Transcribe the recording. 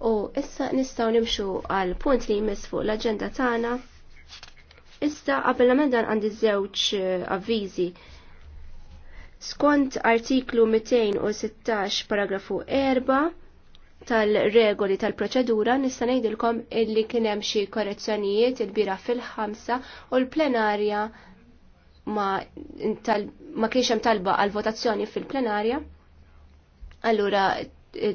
U issa nistgħu nimxu għal punt li jmiss fuq l-aġenda tagħna. Issa qabel nagħmel dan għandi żewġ eh, avviżi. Skont artiklu 216 paragrafu 4 tal-regoli tal-proċedura nista' ngħidilkom illi kien hemm xi korrezzjonijiet il-bira fil-ħamsa u l-plenarja ma, ma kienx hemm talba għal votazzjoni fil-plenarja. Allura eh,